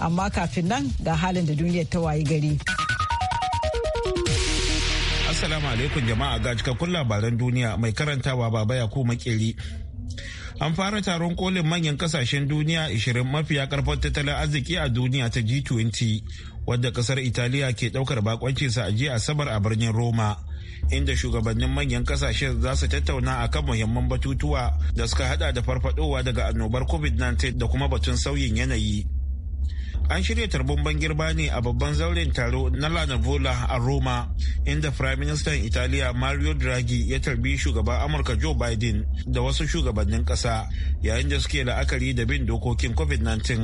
amma kafin nan ga halin da duniyar ta wayi gari. Assalamu alaikum jama'a ga cikakkun labaran duniya mai karantawa baba ya ko makeri. An fara taron kolin manyan kasashen duniya 20 mafiya karfar tattalin arziki a duniya ta G20 wadda kasar Italiya ke daukar bakoncinsa a jiya Asabar a birnin Roma. inda shugabannin manyan kasashen za su tattauna a kan muhimman batutuwa da suka hada da farfadowa daga annobar covid-19 da kuma batun sauyin yanayi an shirya tarbon girba ne a babban zauren taro na lanavola a roma inda prime minister italiya mario draghi ya tarbi shugaban amurka joe biden da wasu shugabannin kasa yayin da suke la'akari da bin dokokin covid-19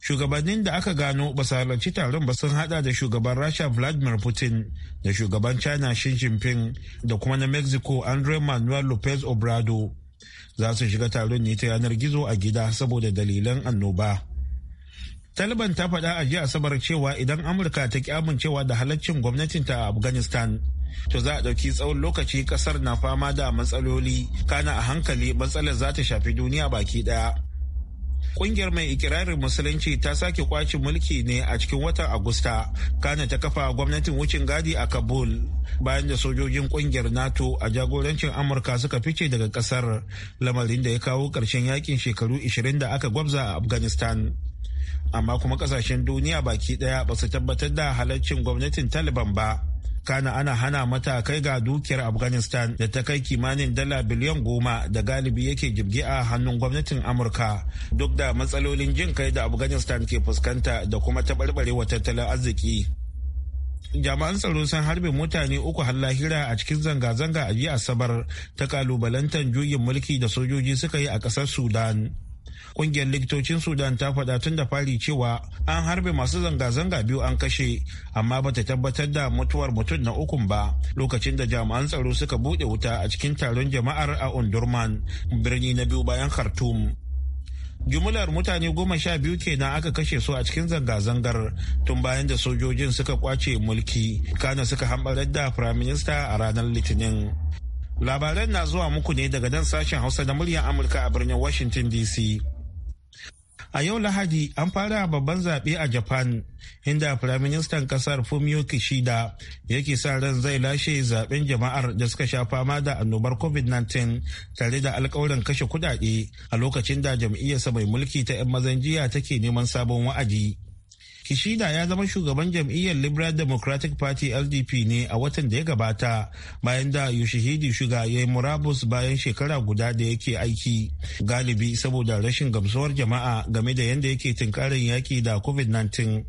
shugabannin da aka gano ba su halarci taron ba sun hada da shugaban rasha vladimir putin da shugaban china xi jinping da kuma na mexico andre manuel lopez obrado za su shiga taron ne ta yanar gizo a gida saboda dalilan annoba. Taliban ta faɗa a jiya Asabar cewa idan Amurka ta ki amincewa da halaccin ta a Afghanistan, to za a ɗauki tsawon lokaci ƙasar na fama da matsaloli kana a hankali matsalar za ta shafi duniya baki ɗaya. Ƙungiyar mai ikirarin musulunci ta sake kwaci mulki ne a cikin watan Agusta, kana ta kafa gwamnatin wucin gadi a Kabul bayan da sojojin ƙungiyar NATO a jagorancin Amurka suka fice daga ƙasar lamarin da ya kawo ƙarshen yakin shekaru 20 da aka gwabza a Afghanistan. amma kuma kasashen duniya baki daya ba su tabbatar da halaccin gwamnatin taliban ba kana ana hana mata kai ga dukiyar afghanistan da ta kai kimanin dala biliyan goma da galibi yake jibge a hannun gwamnatin amurka duk da matsalolin jin kai da afghanistan ke fuskanta da kuma taɓarɓarewa tattalin arziki jami'an tsaro sun harbe mutane uku har lahira a cikin zanga-zanga a jiya asabar ta kalubalantar juyin mulki da sojoji suka yi a ƙasar sudan Ƙungiyar likitocin Sudan ta faɗa tun da fari cewa an harbe masu zanga-zanga biyu an kashe, amma bata tabbatar da mutuwar mutum na ukun ba lokacin da jami'an tsaro suka buɗe wuta a cikin taron jama'ar a Undurman, birni na biyu bayan Khartoum. Jumular mutane goma sha biyu kenan aka kashe su a cikin zanga-zangar tun bayan da sojojin suka kwace mulki kana suka hambarar da firaminista minista a ranar litinin labaran na zuwa muku ne daga nan sashen hausa da muryar amurka a birnin washington dc A yau Lahadi an fara babban zaɓe a Japan, inda Firaministan ƙasar Fumio Kishida yake sa ran zai lashe zaɓen jama'ar da suka sha fama da annobar COVID-19 tare da alkawarin kashe kuɗaɗe a lokacin da jam'iyyarsa mai mulki ta 'yan mazan jiya take neman sabon wa'adi. Kishida ya zama shugaban jam'iyyar Liberal Democratic Party LDP ne a watan da ya gabata bayan da Yoshihide Shuga ya yi murabus bayan shekara guda da yake aiki. Galibi saboda rashin gamsuwar jama'a game da yadda yake tunkarin yaki da COVID-19.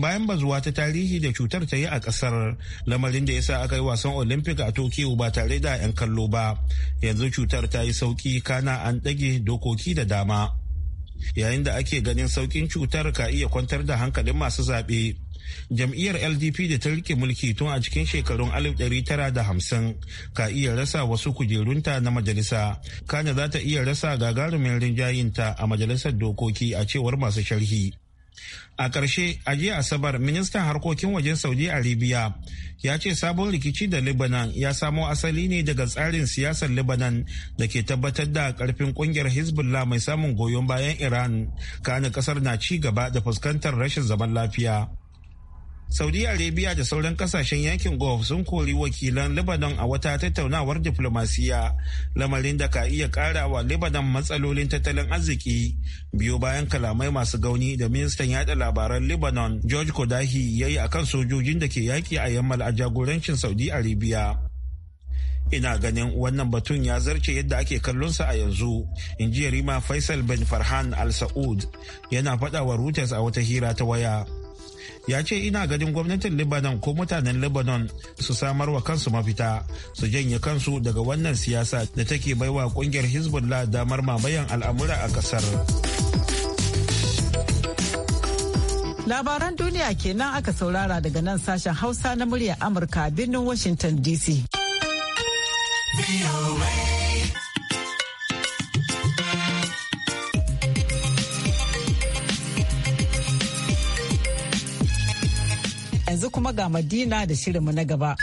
bayan bazuwa ta tarihi da cutar ta yi a kasar lamarin da ya sa aka yi wasan olympic a tokyo ba tare da 'yan kallo ba yanzu cutar ta yi sauki kana an ɗage dokoki da dama yayin da ake ganin saukin cutar ka iya kwantar da hankalin masu zaɓe. Jam'iyyar LDP da ta rike mulki tun a cikin shekarun 1950 ka iya rasa wasu kujerunta na majalisa, kana za ta iya rasa gagarumin rinjayinta a majalisar dokoki a cewar masu sharhi. A ƙarshe, a jiya Asabar, ministan harkokin wajen Saudi Arabia ya ce sabon rikici da Lebanon ya samo asali ne daga tsarin siyasar Lebanon da ke tabbatar da ƙarfin ƙungiyar Hezbollah mai samun goyon bayan Iran, kana ƙasar na ci gaba da fuskantar rashin zaman lafiya. saudi arabia da sauran kasashen yankin gulf sun kori wakilan lebanon a wata tattaunawar diflomasiya lamarin da ka iya kara wa lebanon matsalolin tattalin arziki biyo bayan kalamai masu gauni da ministan yada labaran lebanon george kodahi ya yi akan sojojin da ke yaki a yammal a jagorancin saudi arabia ina ganin wannan batun ya zarce yadda ake kallonsa a yanzu in ji rima faisal bin farhan al-sa'ud yana faɗa wa reuters a wata hira ta waya ya ce ina ganin gwamnatin lebanon ko mutanen lebanon su samar wa kansu mafita su janye kansu daga wannan siyasa da take baiwa kungiyar hezbollah damar mamayan al'amura a kasar labaran duniya kenan aka saurara daga nan sashen hausa na muryar amurka birnin washington dc yanzu kuma ga Madina da shirinmu na gaba.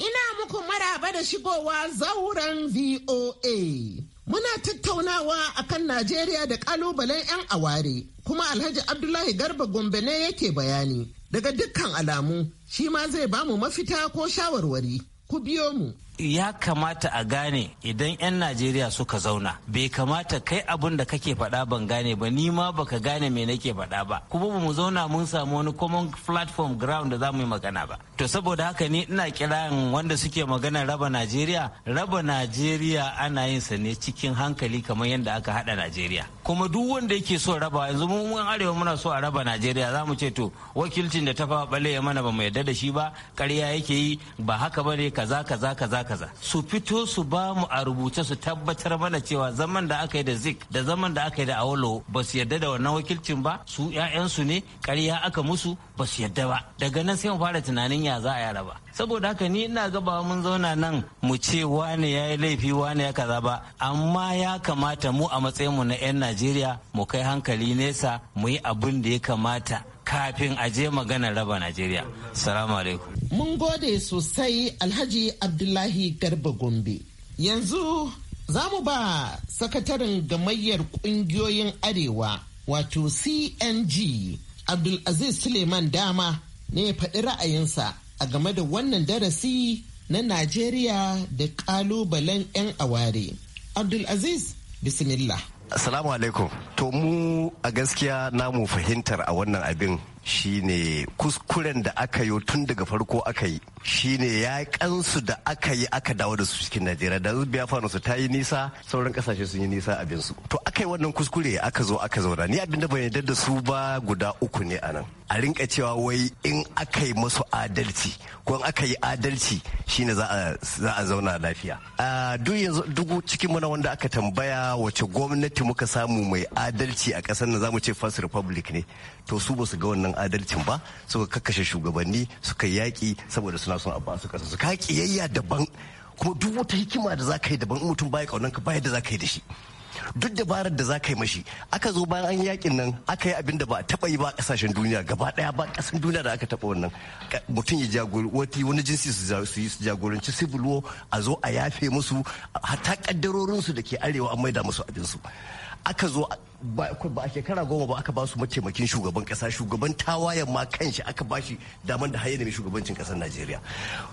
Ina muku maraba da shigowa zauren VOA. Muna tattaunawa akan Najeriya da kalubalen 'yan aware, kuma Alhaji Abdullahi Garba Gombe ne yake bayani. Daga dukkan alamu, shi ma zai bamu mafita ko shawarwari. Ku biyo mu. ya kamata a gane idan 'yan najeriya suka zauna bai kamata kai abin da kake faɗa ban gane ba ni ma baka gane me nake faɗa ba kuma ba mu zauna mun samu wani common platform ground da za mu yi magana ba to saboda haka ni ina kiran wanda suke magana raba najeriya raba najeriya ana yin sa ne cikin hankali kamar yadda aka haɗa najeriya kuma duk wanda yake so raba yanzu mu arewa muna so a raba najeriya za mu ce to wakilcin da ta fa bale ya mana ba mu yarda da shi ba ƙarya yake yi ba haka bane kaza kaza kaza kaza su fito su ba mu a rubuce su tabbatar mana cewa zaman da aka yi da zik da zaman da aka yi da awolo ba su yarda da wannan wakilcin ba su ƴaƴansu ne ƙarya aka musu ba su yarda ba daga nan sai mu fara tunanin ya za a yara ba saboda haka ni ina ga ba mun zauna nan mu ce wane ya yi laifi wane ya kaza ba amma ya kamata mu a matsayin mu na 'yan najeriya mu kai hankali nesa mu yi abin da ya kamata kafin a je maganar raba najeriya salamu alaikum Mun gode sosai Alhaji Abdullahi Garba Gombe. Yanzu za mu ba sakataren gamayyar kungiyoyin Arewa wato CNG Abdulaziz Suleiman Dama ne ya faɗi ra'ayinsa a game da wannan darasi na Najeriya da ƙalubalen 'yan aware. Abdulaziz, bismillah. Assalamu alaikum. To mu a gaskiya namu fahimtar a wannan abin shine kuskuren da aka yi tun daga farko aka yi shine ya kansu da aka yi aka dawo da su cikin najeriya da ya fano su ta yi nisa sauran kasashe sun yi nisa abin su to aka yi wannan kuskure aka zo aka zauna ni abin da ban yarda da su ba guda uku ne a nan. a rinka cewa wai in aka yi masu adalci ko in aka yi adalci shine za a zauna lafiya A duk yanzu duk cikin mana wanda aka tambaya wace gwamnati muka samu mai adalci a kasar nan zamu ce first republic ne to su ba su ga wannan adalcin ba suka kakkashe shugabanni suka yaƙi saboda suna son abba su kasa su ka kiyayya daban kuma duk wata hikima da za ka yi daban in mutum baya kaunan ka baya da za ka yi da shi duk dabarar da za ka yi mashi aka zo bayan an yakin nan aka yi abin da ba a taba yi ba kasashen duniya gaba daya ba kasan duniya da aka taba wannan mutum ya jagori wani jinsi su yi su jagoranci civil war a zo a yafe musu hatta kaddarorinsu da ke arewa an maida musu abinsu aka zo ba a shekara goma ba aka ba su mataimakin shugaban kasa shugaban tawayen ma kanshi aka ba shi daman da hayyana mai shugabancin kasar najeriya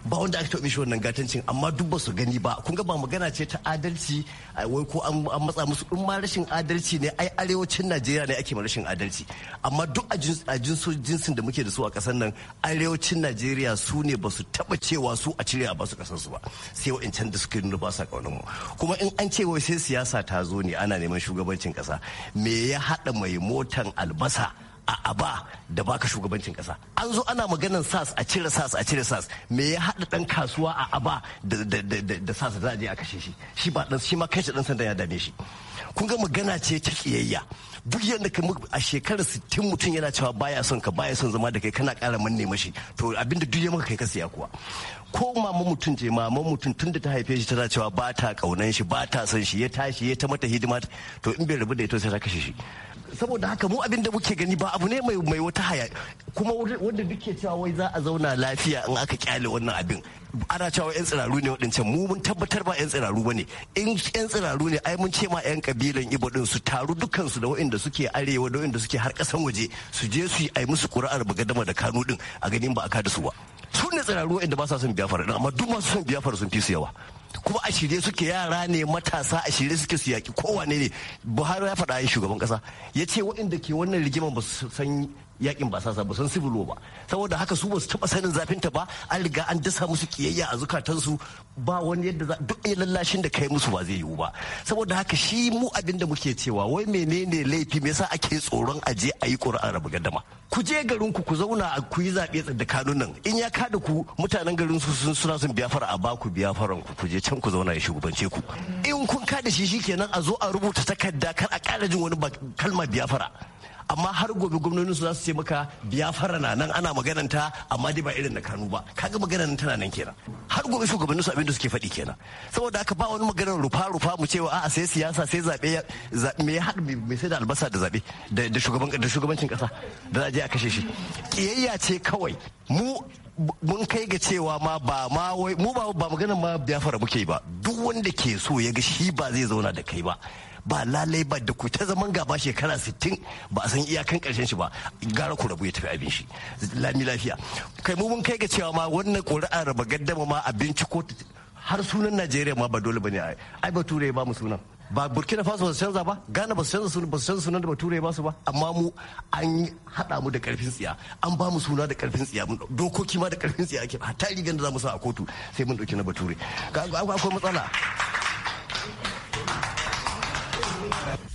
ba wanda aka taɓa mishi wannan gatancin amma duk ba su gani ba kun ga ba magana ce ta adalci wai ko an matsa musu in ma rashin adalci ne ai arewacin najeriya ne ake ma rashin adalci amma duk a jinsin da muke da su a kasar nan arewacin najeriya su ne ba su taɓa cewa su a cire a ba su kasar su ba sai wa'ancan da suke nuna ba sa mu kuma in an ce wai sai siyasa ta zo ne ana neman shugabancin kasa me ya haɗa mai motan albasa a aba da baka shugabancin kasa an zo ana maganan sas a cire sas a cire sas me ya haɗa ɗan kasuwa a aba da sas da je a kashe shi shi ba ɗan shi ma ɗan sanda ya dame shi kun ga magana ce ta kiyayya duk yadda ka a shekarar sittin mutum yana cewa baya son ka baya son zama da kai kana ƙara manne mashi to abinda duk ya maka kai ka siya kuwa ko mamu mutum ce, mamu mutum tunda ta haife shi tana cewa ba ta kaunan shi ba ta son shi ya tashi ya ta mata hidima to in bai rabu da ita sai ta kashe shi saboda haka mu abin da muke gani ba abu ne mai mai wata haya kuma wanda duke cewa wai za a zauna lafiya in aka kyale wannan abin ana cewa yan tsiraru ne waɗancan mu mun tabbatar ba yan tsiraru bane in yan tsiraru ne ai mun ce ma yan kabilan ibo din su taru dukkan su da waɗanda suke arewa da waɗanda suke har ƙasan waje su je su yi ai musu ƙuri'ar bagadama da kanu din a ganin ba a kada su ba su ne tsiraru inda ba sa son biyafar amma duk masu son biyafar sun fi su yawa kuma a shirye suke yara ne matasa a shirye suke su yaki kowane ne buhari ya faɗa shugaban ƙasa ya ce waɗanda ke wannan rigimar ba su san yakin ba sasa ba san civil ba saboda haka su basu su taba sanin zafin ta ba an riga an dasa musu kiyayya a zukatansu ba wani yadda duk ya lallashin da kai musu ba zai yiwu ba saboda haka shi mu abin da muke cewa wai menene laifi me yasa ake tsoron aje a yi ƙuri'an rabu gaddama ku je garin ku ku zauna a ku yi zaɓe da kanunan in ya kada ku mutanen garin su sun suna sun biya fara a ba ku biya faran ku ku je can ku zauna ya shugabance ku in kun kada shi shi kenan a zo a rubuta takarda kar a ƙara wani kalma biya fara amma har gobe gwamnonin su za su ce maka biyafara na nan ana maganan ta amma dai ba irin na kanu ba kaga magana maganan tana nan kenan har gobe shugabannin su abin da suke faɗi kenan saboda haka ba wani maganar rufa rufa mu cewa a'a sai siyasa sai zabe me ya haɗu me sai da albasa da zabe da shugaban da shugabancin kasa da za a je a kashe shi kiyayya ce kawai mu mun kai ga cewa ma ba ma wai mu ba maganar ma biyafara muke ba duk wanda ke so ya ga shi ba zai zauna da kai ba ba lalai ba da ku ta zaman gaba shekara 60 ba a san iyakan karshen shi ba gara ku rabu ya tafi abin shi lami lafiya kai mu mun kai ga cewa ma wannan ƙuri'a raba gaddama ma abinci ko har sunan najeriya ma ba dole bane ai ba turai ba mu sunan ba burkina faso ba su canza ba gana ba su canza sunan ba su canza sunan da turai ba su ba amma mu an haɗa mu da karfin tsiya an ba mu suna da karfin tsiya dokoki ma da karfin tsiya ake hatta rigan da za mu sa a kotu sai mun ɗauki na bature akwai matsala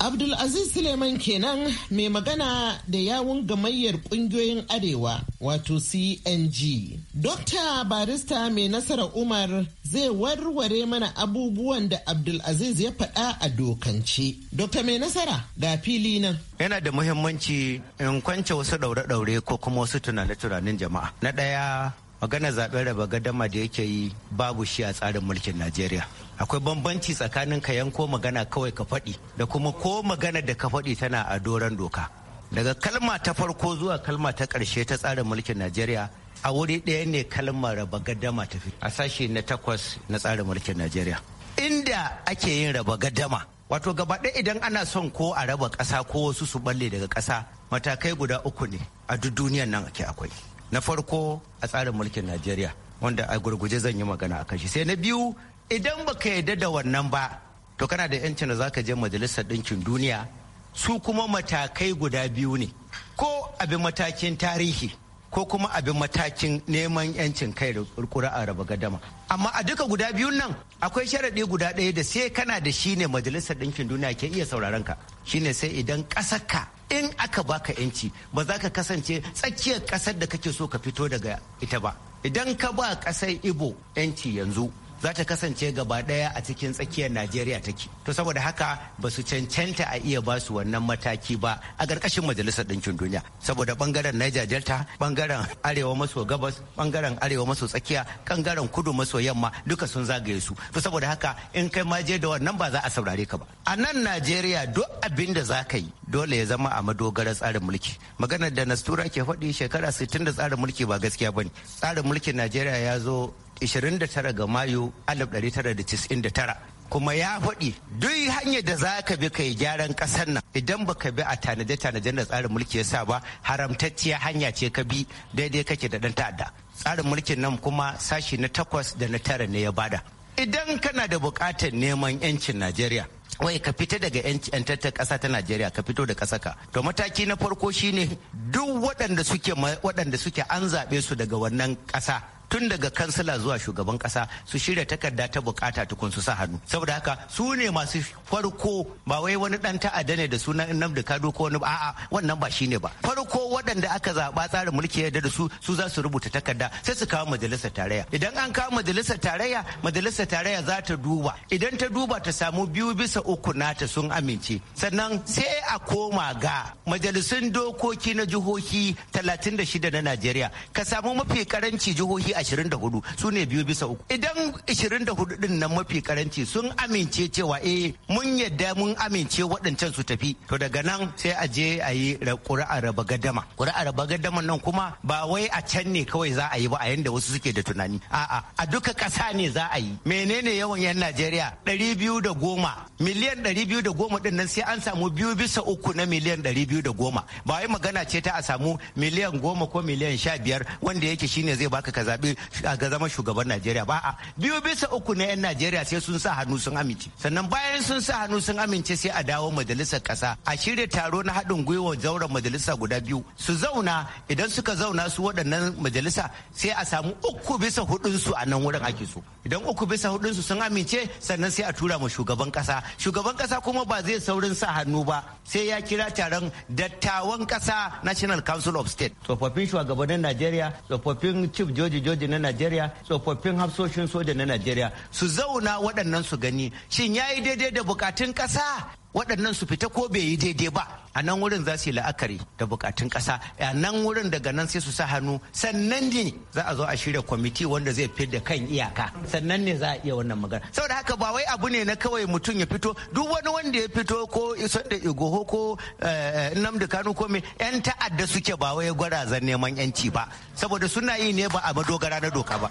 Abdulaziz Suleiman kenan mai magana da yawun gamayyar kungiyoyin Arewa wato CNG. Dokta barista mai nasara Umar zai warware mana abubuwan da Abdulaziz ya faɗa a dokance. Dokta mai nasara ga fili nan. Yana da muhimmanci in kwance wasu daure-daure ko kuma wasu tunane-tunanen jama'a. Na ɗaya magana zaɓen raba gadama da yake yi babu shi a tsarin mulkin najeriya akwai bambanci tsakanin ka yanko magana kawai ka faɗi da kuma ko magana da ka faɗi tana a doron doka daga kalma ta farko zuwa kalma ta ƙarshe ta tsarin mulkin najeriya a wuri ɗaya ne kalmar raba gadama ta fi a sashe na takwas na tsarin mulkin najeriya inda ake yin raba gadama wato gaba ɗaya idan ana son ko a raba ƙasa ko wasu su balle daga ƙasa matakai guda uku ne a duk duniyan nan ake akwai na farko a tsarin mulkin najeriya wanda a gurguje zan yi magana a kashi sai na biyu idan baka yarda da wannan ba to kana da yancin da ka je majalisar ɗinkin duniya su kuma matakai guda biyu ne ko abin matakin tarihi ko kuma abin matakin neman yancin kai da kurkura a raba gadama amma a duka guda biyun nan akwai sharaɗi guda ɗaya da sai kana da shi ne majalisar ɗinkin duniya ke iya sauraron ka shine sai idan ƙasarka in aka baka yanci ba za ka kasance tsakiyar kasar da kake so ka fito daga ita ba idan ka ba kasar ibo yanci yanzu za ta kasance gaba daya a cikin tsakiyar najeriya take to saboda haka ba su cancanta a iya ba su wannan mataki ba a ƙarƙashin majalisar ɗinkin duniya saboda ɓangaren niger delta ɓangaren arewa maso gabas ɓangaren arewa maso tsakiya ɓangaren kudu maso yamma duka sun zagaye su to saboda haka in kai ma je da wannan ba za a saurare ka ba a nan najeriya duk abin da za ka yi dole ya zama a madogarar tsarin mulki maganar da nastura ke faɗi shekara 60 da tsarin mulki ba gaskiya bane tsarin mulkin najeriya ya zo 29 ga mayu 1999 kuma ya faɗi duk hanyar da za ka bi kai gyaran ƙasar nan idan ba ka bi a tanaje-tanajen da tsarin mulki ya sa ba haramtacciya hanya ce ka bi daidai kake da ɗan ta'adda tsarin mulkin nan kuma sashi na takwas da na tara ne ya bada idan kana da buƙatar neman 'yancin najeriya wai ka fita daga 'yantattar ƙasa ta najeriya ka fito da ƙasa ka to mataki na farko shine duk waɗanda suke waɗanda suke an zaɓe su daga wannan ƙasa tun daga kansila zuwa shugaban kasa su shirya takarda ta bukata tukun su sa hannu saboda haka su ne masu farko ba wai wani dan ta'adda ne da sunan Nnamdi Kado ko wani a'a wannan ba shine ba farko waɗanda aka zaba tsarin mulki ya da su su za su rubuta takarda sai su kawo majalisar tarayya idan an kawo majalisar tarayya majalisar tarayya za ta duba idan ta duba ta samu biyu bisa uku nata sun amince sannan sai a koma ga majalisun dokoki na jihohi 36 na Najeriya ka samu mafi karanci jihohi 24 su ne biyu bisa uku idan 24 din nan mafi karanci sun amince cewa eh mun yadda mun amince waɗancan su tafi to daga nan sai a je a yi ƙuri'a raba gadama ƙuri'a raba gadama nan kuma ba wai a can ne kawai za a yi ba a yanda wasu suke da tunani a'a a duka ƙasa ne za a yi menene yawan yan Najeriya ɗari biyu da goma miliyan ɗari biyu da goma din nan sai an samu biyu bisa uku na miliyan ɗari biyu da goma ba wai magana ce ta a samu miliyan goma ko miliyan sha biyar wanda yake shine zai baka ka zaɓi ga zama shugaban Najeriya ba a biyu bisa uku na 'yan Najeriya sai sun sa hannu sun amince sannan bayan sun sa hannu sun amince sai a dawo majalisar ƙasa a shirya taro na haɗin gwiwa zauren majalisa guda biyu su zauna idan suka zauna su waɗannan majalisa sai a samu uku bisa su a nan wurin ake so idan uku bisa su sun amince sannan sai a tura ma shugaban ƙasa shugaban ƙasa kuma ba zai saurin sa hannu ba sai ya kira taron dattawan ƙasa national council of state tsofaffin shugabannin najeriya tsofaffin chief George. soja na najeriya tsofaffin hafsoshin soja na najeriya su zauna waɗannan su gani shin ya yi daidai da bukatun ƙasa waɗannan su fita ko bai yi daidai ba a nan wurin za su yi la'akari da bukatun kasa a nan wurin daga nan sai su sa hannu sannan ne za a zo a shirya kwamiti wanda zai fi da kan iyaka sannan ne za a iya wannan magana saboda haka ba wai abu ne na kawai mutum ya fito duk wani wanda ya fito ko iso da igoho ko eh, namdi kanu ko me yan ta'adda suke ba wai gwarazan neman yanci ba saboda suna yi ne ba a madogara na doka ba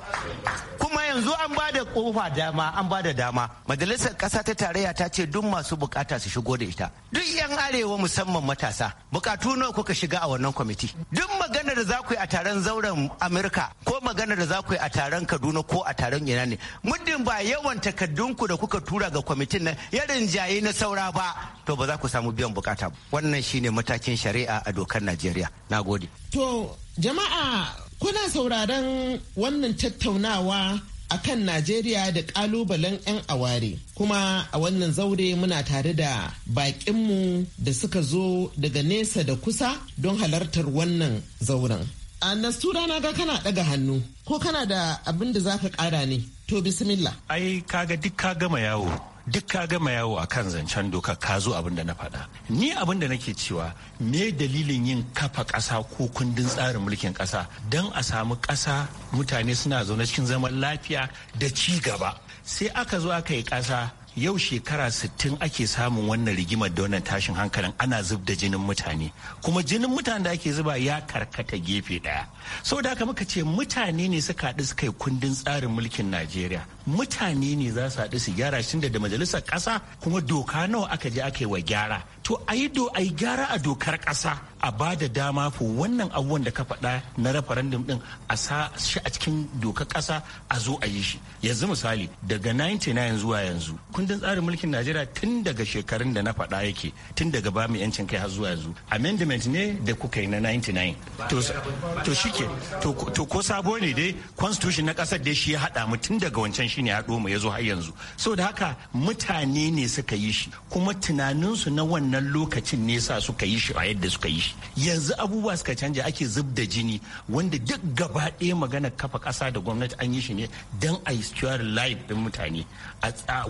kuma yanzu an ba da kofa dama an ba da dama majalisar kasa ta tarayya ta ce duk masu bukata su shigo da ita duk yan arewa musamman musamman matasa bukatu nawa kuka shiga a wannan kwamiti duk magana da za ku yi a taron zauren amurka ko magana da za ku yi a taron kaduna ko a taron ina ne muddin ba yawan takardunku da kuka tura ga kwamitin nan ya rinjaye na saura ba to ba za ku samu biyan bukata ba wannan shine matakin shari'a a dokar najeriya na gode to jama'a kuna sauraron wannan tattaunawa a kan Najeriya da kalubalen 'yan aware. Kuma a wannan zaure muna tare da baƙinmu da suka zo daga nesa da kusa don halartar wannan zauren. A nastura na ga kana ɗaga hannu ko kana da abin da za ka ƙara ne. To bismillah. Ai kaga duk ka gama yawo. duk ka gama yawo a kan zancen doka ka zo abin da na faɗa ni abin da nake cewa me dalilin yin kafa ƙasa ko kundin tsarin mulkin ƙasa don a samu ƙasa mutane suna zaune cikin zaman lafiya da ci gaba sai aka zo aka yi ƙasa yau shekara 60 ake samun wannan rigimar da wannan tashin hankalin ana zub da jinin mutane kuma jinin mutane da ake zuba ya karkata gefe daya saboda haka muka ce mutane ne suka haɗu suka yi kundin tsarin mulkin najeriya mutane ne za su haɗu su gyara shi da majalisar ƙasa kuma doka nawa aka je aka yi wa gyara to a yi do a yi gyara a dokar ƙasa a ba da dama ko wannan abubuwan da ka faɗa na referendum din a sa shi a cikin dokar ƙasa a zo a yi shi yanzu misali daga 99 zuwa yanzu kundin tsarin mulkin najeriya tun daga shekarun da na faɗa yake tun daga ba mu yancin kai har zuwa yanzu amendment ne da kuka yi na 99 to shike to ko sabo ne dai constitution na ƙasar dai shi ya haɗa mu tun daga wancan shine ya haɗo mu ya zo har yanzu saboda haka mutane ne suka yi shi kuma tunaninsu na wannan wannan lokacin ne sa suka yi shi a yadda suka yi shi yanzu abubuwa suka canja ake zub da jini wanda duk gaba ɗaya magana kafa ƙasa da gwamnati an yi shi ne don a yi secure life ɗin mutane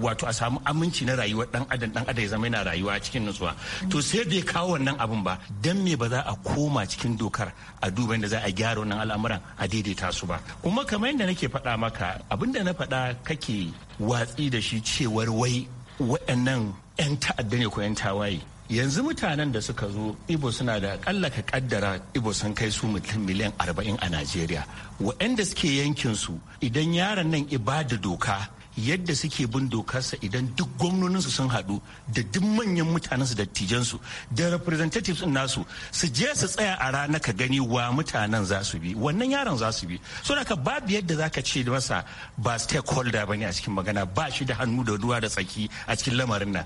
wato a samu aminci na rayuwa ɗan adam ɗan adam ya zama yana rayuwa cikin nutsuwa to sai bai kawo wannan abin ba don me ba za a koma cikin dokar a duba da za a gyara wannan al'amuran a daidaita su ba kuma kamar yadda nake faɗa maka abin da na faɗa kake watsi da shi cewar wai waɗannan 'yan ta'adda ne ko 'yan tawaye yanzu mutanen da suka zo ibo suna da akalla ka kaddara ibo sun kai su mutum miliyan arba'in a najeriya wa'anda suke yankinsu idan yaron nan ibada doka yadda suke bin dokarsa idan duk gwamnoninsu sun haɗu da duk manyan mutanensu dattijansu da representatives nasu su je su tsaya a rana ka gani wa mutanen za su bi wannan yaron za su bi so ka babu yadda za ka ce masa ba stakeholder ba ne a cikin magana ba shi da hannu da ruwa da tsaki a cikin lamarin nan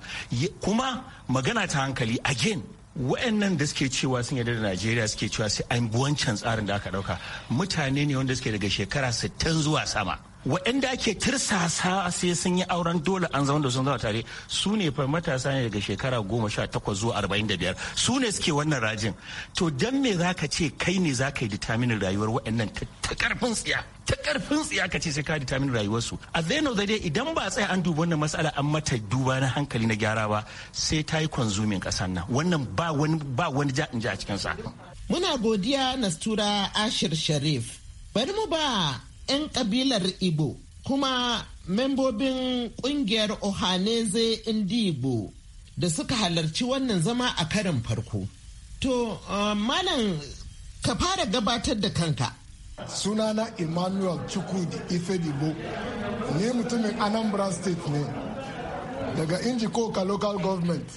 kuma magana ta hankali again wa'annan da suke cewa sun yarda da najeriya suke cewa sai an bi wancan tsarin da aka dauka mutane ne wanda suke daga shekara 60 zuwa sama waɗanda ake tirsasa sai sun yi auren dole an zama da sun zama tare su ne fa matasa ne daga shekara goma sha takwas zuwa arba'in da biyar su ne suke wannan rajin to don me za ka ce kai ne za ka yi ditaminin rayuwar waɗannan ta karfin tsiya ta karfin tsiya ka ce sai ka ditaminin rayuwarsu a the end dai idan ba a tsaya an duba wannan matsala an mata duba na hankali na gyara ba sai ta yi kwanzumin ƙasar nan wannan ba wani ja in ji a cikin sa. Muna godiya Nastura Ashir Sharif. Bari mu ba 'yan kabilar Igbo kuma membobin kungiyar Ohaneze Indibo da suka halarci wannan zama a karin farko. To, uh, malam ka fara gabatar da kanka. Sunana Emmanuel Chukwudi Ifedibo, ne mutumin Anambra State ne, daga inji Injikoka Local Government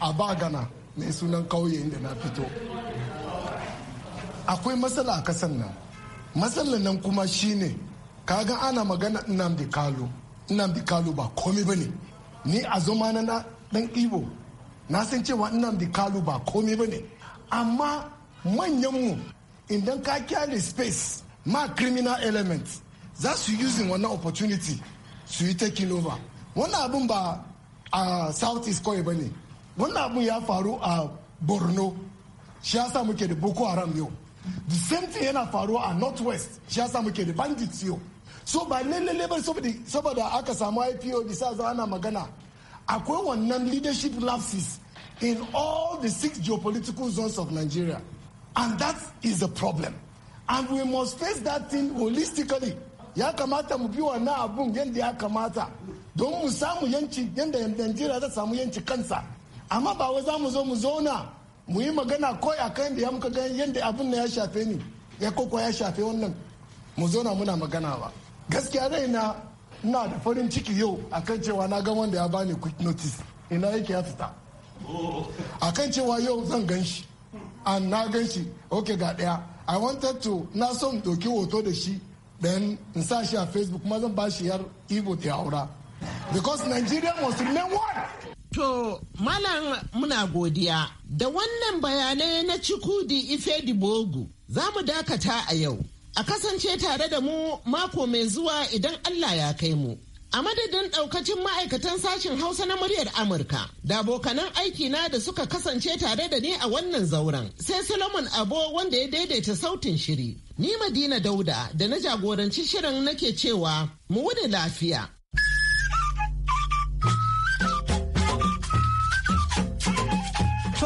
a Bagana ne sunan kauye inda na fito. Akwai matsala a kasan nan. matsalan nan kuma shine kaga ana magana nnamdi kalu nnamdi kalu ba komi ba ni a zama na dan ibo na san cewa nnamdi kalu ba komi ba ne amma manyanmu idan ka kyale space ma criminal element za su using wannan opportunity su yi taking over wannan abin ba a south east kawai ba ne wannan abin ya faru a borno shi ya sa muke da boko haram yau the same thing yana faruwa a northwest shi yasa muke da bandits yau so ba lalle ba saboda aka samu ipo bisa za ana magana akwai wannan leadership lapses in all the six geopolitical zones of nigeria and that is the problem and we must face that thing holistically ya kamata mu bi wannan abun yadda ya kamata don mu samu yanci yadda nigeria ta samu yanci kansa amma ba wai za mu zo mu zauna mu yi magana ko a kan da muka gani yadda abin da ya shafe ni ya koko ya shafe wannan mu zauna muna magana ba gaskiya na na da farin ciki yau akan cewa na ga wanda ya bani quick notice ina yake ya fita akan cewa yau zan gan shi an na gan shi ok ga daya i wanted to na son doki hoto da shi dan in sa shi a facebook kuma zan ba shi yar ibo ta aura because nigeria must remain one To, malam muna godiya. Da wannan bayanai na Cikudi Ifedi Bogu za mu dakata a yau. A kasance tare da mu mako mai zuwa idan Allah ya kai mu. A madadin ɗaukacin ma'aikatan sashen Hausa na muryar Amurka, da abokanan aikina da suka kasance tare da ni a wannan zauren, sai Solomon Abo wanda ya daidaita sautin shiri. Ni Madina Dauda da na jagoranci shirin nake cewa, mu wuni lafiya.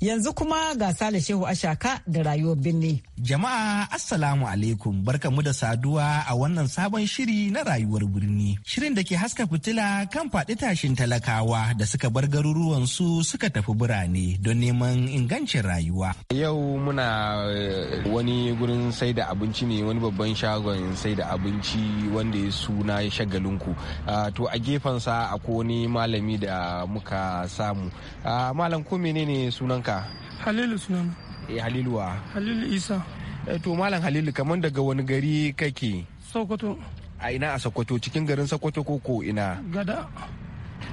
Yanzu kuma ga Sale Shehu Ashaka da rayuwar birni. Jama'a Assalamu alaikum barkamu da saduwa a wannan sabon shiri na rayuwar birni. Shirin da ke haska fitila kan faɗi tashin talakawa da suka bar garuruwan su suka tafi birane don neman ingancin rayuwa. Yau muna eh, wani gurin sai da abinci ne wani babban shagon sai da abinci wanda ya suna shagalinku. Ah, to a gefensa akwai wani malami da muka samu. Ah, malam ko menene sunanka? ka? halilu sunana eh halilu wa halilu isa eh to malam halilu kaman daga wani gari kake sokoto a ina a sokoto cikin garin sokoto ko ko ina gada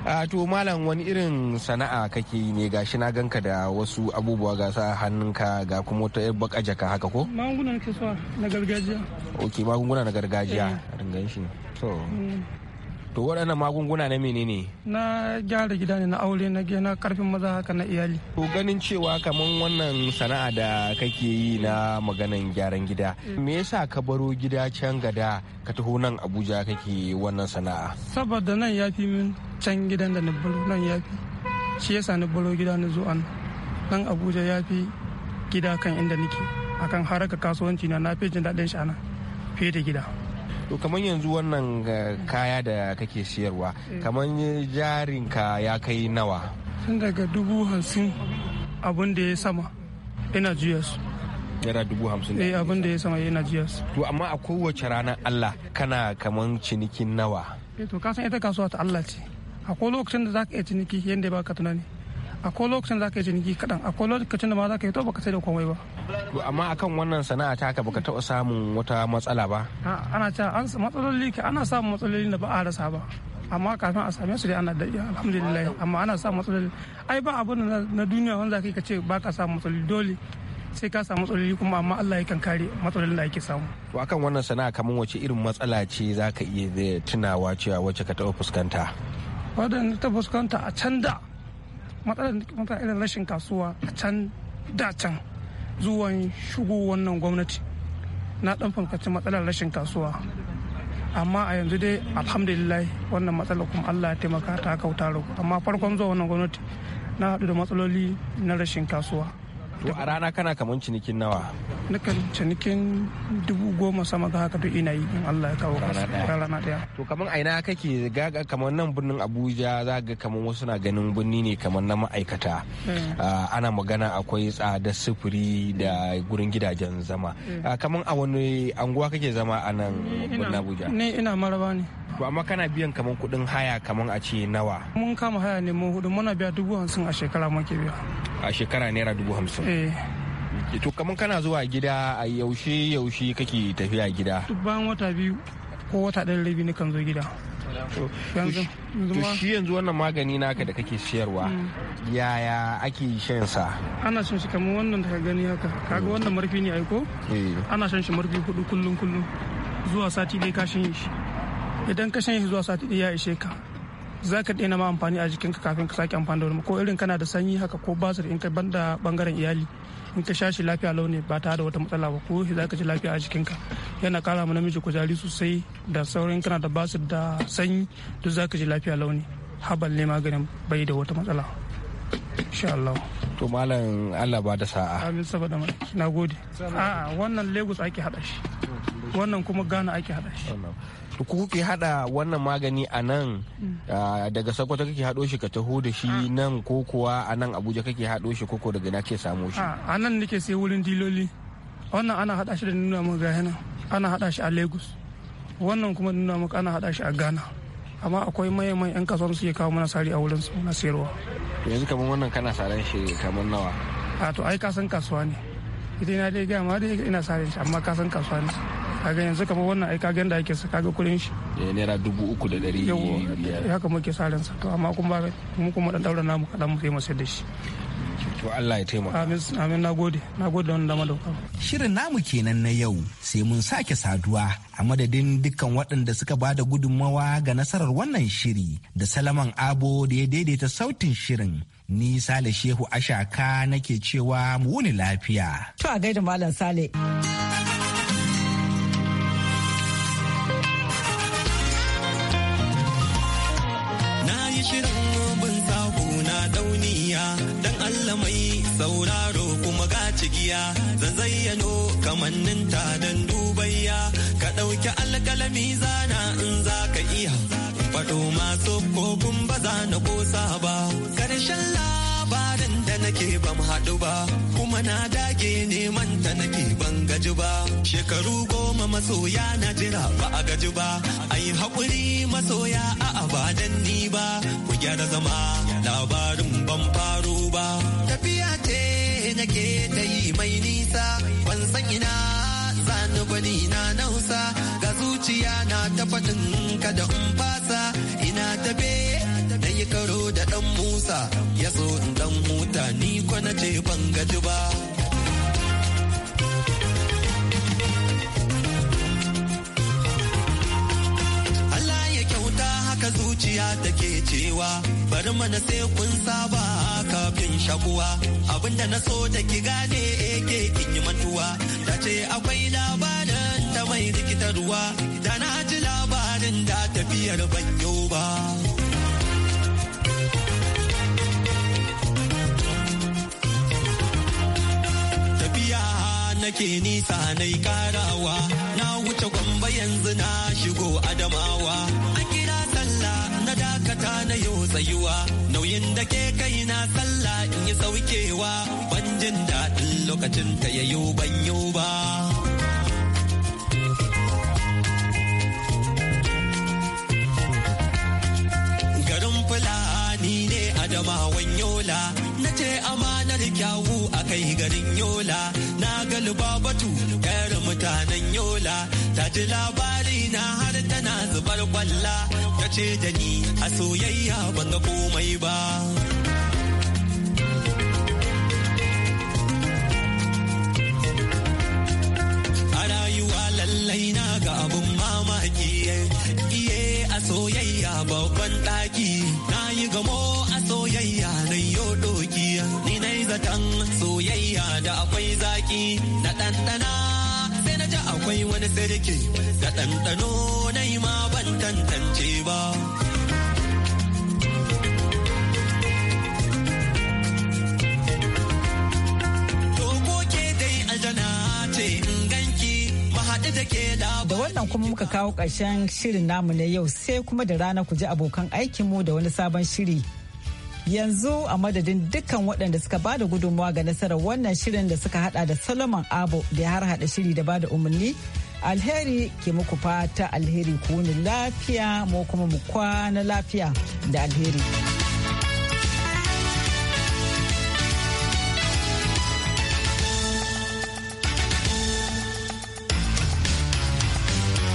a to malam wani irin sana'a kake yi ne gashi na ganka da wasu abubuwa ga sa hannunka ga kuma wata yar baka jaka haka ko magunguna ke so na gargajiya ok magunguna na gargajiya eh. ringan shi to mm. to waɗannan magunguna na menene na gyara gida ne na aure na na karfin maza haka na iyali to ganin cewa kamar wannan sana'a da kake yi na maganan gyaran gida me yasa ka baro gida can gada ka taho nan abuja kake wannan sana'a saboda nan ya fi min can gidan da na baro nan ya fi shi yasa na baro gida na zuwa an nan abuja ya fi gida kan inda nake akan haraka kasuwanci na na fi jin daɗin shana fiye da gida to kamar yanzu wannan kaya da kake siyarwa mm. kamar jarinka ya kai nawa tun daga dubu hamsin abin da ya sama ina juya su yana dubu hamsin eh abin da ya sama yana su. to amma a kowace ranar Allah kana kaman cinikin nawa eh, to kasan ita kasuwa ta Allah ce akwai lokacin da ka iya ciniki yadda ba ka tunani akwai lokacin da ka yi ciniki kaɗan akwai lokacin da ma za ka yi to baka sai da komai ba. to amma akan wannan sana'a ta ka baka taɓa samun wata matsala ba. ana cewa an matsaloli ana samun matsaloli da ba a rasa ba amma kafin a same su dai ana da alhamdulillah amma ana samun matsaloli ai ba abin na duniya wanda za ka ce ba ka samun matsaloli dole sai ka samu matsaloli kuma amma Allah yakan kare matsalolin da ake samu. To akan wannan sana'a kamar wace irin matsala ce za ka iya eh, tunawa cewa wacce ka taɓa fuskanta? Wadanda ta fuskanta a can da matsalar irin rashin kasuwa a can da can zuwan shigo wannan gwamnati na dan fankaci matsalar rashin kasuwa amma a yanzu dai alhamdulillah wannan matsalar kuma allah ya taimaka ta kauta amma farkon zuwa wannan gwamnati na haɗu da matsaloli na rashin kasuwa to a rana kana kamar cinikin nawa nakan cinikin dubu goma sama ga haka duk ina yi in Allah ya kawo rana daya to kamar aina kake gaga kamar nan birnin Abuja za ga kaman wasu na ganin birni ne kaman na ma'aikata eh. ah, ana magana akwai tsada sufuri da gurin gidajen zama eh. ah, Kamar a wani anguwa kake zama a nan birnin Abuja ne ina maraba ne to amma kana biyan kaman kuɗin haya kamar a ce nawa mun kama haya ne mun hudu muna biya dubu hamsin a shekara muke biya a shekara naira dubu hamsin Eh. to kamar kana zuwa gida a yaushe yaushe kake tafiya gida duk bayan wata biyu ko wata ɗan rabi na kan zo gida to shi yanzu wannan magani naka da kake siyarwa mm. yaya ake shan sa ana shan shi kamar wannan da ka gani haka kaga wannan marfi ne aiko eh. ana shan shi marfi hudu kullum kullum zuwa sati dai ka shan shi idan ka shan shi zuwa sati dai ya ishe ka za ka daina ma amfani a jikinka kafin ka sake amfani da wani ko irin kana da sanyi haka ko basir in ka banda bangaren iyali in ka sha shi lafiya launi ba tare da wata matsala ba ko za ka ji lafiya a jikinka yana kara ma namiji kujari sosai da saurin kana da basir da sanyi duk za ka ji lafiya launi habal ne maganin bai da wata matsala insha Allah to malam Allah ba da sa'a amin saboda mai nagode a'a wannan Lagos ake hada shi wannan kuma Ghana ake hada shi ku kuke hada wannan magani a nan mm. daga sokoto kake hado shi ka taho da shi ah. nan ko kuwa a nan abuja kake hado shi koko daga na ke samo shi ah, a nan nake sai wurin diloli wannan ana hada shi da nuna mu ga yana ana hada shi a lagos wannan kuma nuna mu ana hada shi a ghana amma akwai mayan yan kasuwa su ke kawo mana sari a wurin su na sayarwa yanzu kamar wannan kana saran shi kamar nawa a ah, to ai san kasuwa ne idan na dai gama dai ina saran shi amma san kasuwa ne kaga yanzu kamar wannan ai kaga yanda ake sa kaga kudin shi eh naira dubu uku da ɗari biyar haka muke sa sa to amma kuma mu kuma dan daura namu kadan mu sai mu sayar da shi to Allah ya taimaka amin amin nagode nagode wannan dama dauka shirin namu kenan na yau sai mun sake saduwa a madadin dukkan waɗanda suka ba da gudunmawa ga nasarar wannan shiri da salaman abo da ya daidaita sautin shirin ni sale shehu ashaka nake cewa mu wuni lafiya to a gaida malam sale da mizana in za ka iya faɗo masu kokun baza na ƙosa ba ƙarshen labarin da nake ban haɗu ba kuma na dage neman ta nake ban gaji ba shekaru goma masoya na jira ba a gaji ba ayi haƙuri masoya a abadan ni ba ku gyara zama labarin ban faru ba tafiya ce nake ta yi mai nisa ban san ina sani bani na nausa ga zuciya na ta faɗin kada in fasa ina tafe na yi karo da ɗan musa ya so in ɗan ni ko na ce ban gaji ba. haka zuciya take cewa bari mana sai kun saba kafin shakuwa abinda na so da ki gane ake eh, kin yi mantuwa ta ce akwai labarin ta mai rikitarwa da na ji labarin da tafiyar ban yau ba. nake nisa nai karawa na wuce gwamba yanzu na shigo adamawa tsayuwa nauyin da ke kai na sallah in yi saukewa ban jin daɗin lokacin ta yayo ban yau ba garin fulani ne adamawan yola na ce amanar kyawu a kai garin yola na batu kayar mutanen yola ta labari na har tana zubar kwalla ta ce da ni a soyayya ban ga komai ba a rayuwa lallai na ga abun mamaki iye a soyayya babban ɗaki na yi gamo a soyayya na yi doki ni na yi zaton soyayya da akwai zaki na ɗanɗana akwai wani sarki da ɗanɗano na ma ban tantance ba. Da wannan kuma muka kawo ƙarshen shirin namu na yau sai kuma da rana ku ji abokan aikinmu da wani sabon shiri yanzu a madadin dukkan waɗanda suka bada gudunmawa ga nasarar wannan shirin da suka hada da solomon abu da ya har hada shiri da bada umarni alheri ke muku fata alheri ku wuni lafiya mu kuma mu kwana lafiya da alheri.